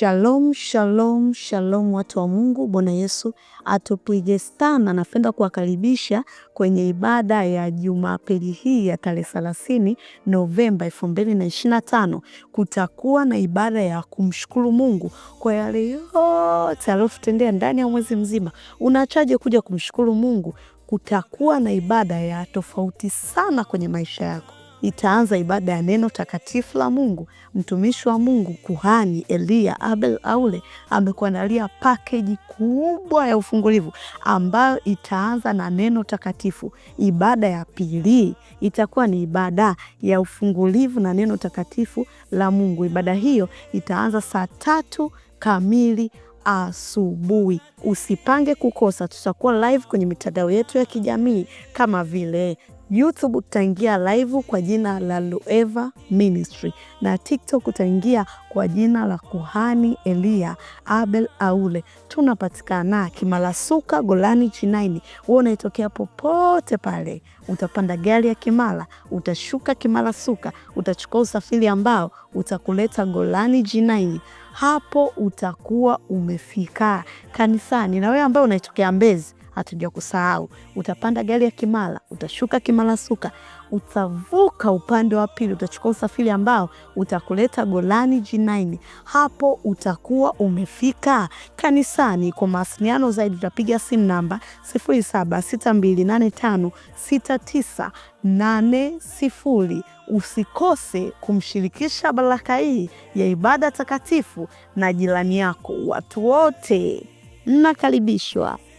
Shalom, shalom, shalom watu wa Mungu. Bwana Yesu atupige sana. Napenda kuwakaribisha kwenye ibada ya Jumapili hii ya tarehe 30 Novemba 2025. Kutakuwa na ibada ya kumshukuru Mungu kwa yale yote aliyotutendea ndani ya mwezi mzima. Unachaje kuja kumshukuru Mungu? Kutakuwa na ibada ya tofauti sana kwenye maisha yako itaanza ibada ya neno takatifu la Mungu. Mtumishi wa Mungu kuhani Eliya Abel Haule amekuandalia pakeji kubwa ya ufungulivu ambayo itaanza na neno takatifu. Ibada ya pili itakuwa ni ibada ya ufungulivu na neno takatifu la Mungu. Ibada hiyo itaanza saa tatu kamili asubuhi. Usipange kukosa. Tutakuwa live kwenye mitandao yetu ya kijamii kama vile YouTube utaingia live kwa jina la Loeva Ministry na TikTok utaingia kwa jina la Kuhani Elia Abel Aule. Tunapatikana Kimalasuka Golani Chinaini. Wewe unaitokea popote pale, utapanda gari ya kimala utashuka Kimalasuka, utachukua usafiri ambao utakuleta Golani jinaini Hapo utakuwa umefika kanisani. Na wewe ambaye unaitokea Mbezi kusahau Utapanda gari ya Kimara, utashuka Kimara Suka, utavuka upande wa pili, utachukua usafiri ambao utakuleta Golani G9. Hapo utakuwa umefika kanisani. Kwa mawasiliano zaidi utapiga simu namba 0762856980. Usikose kumshirikisha baraka hii ya ibada takatifu na jirani yako. Watu wote mnakaribishwa.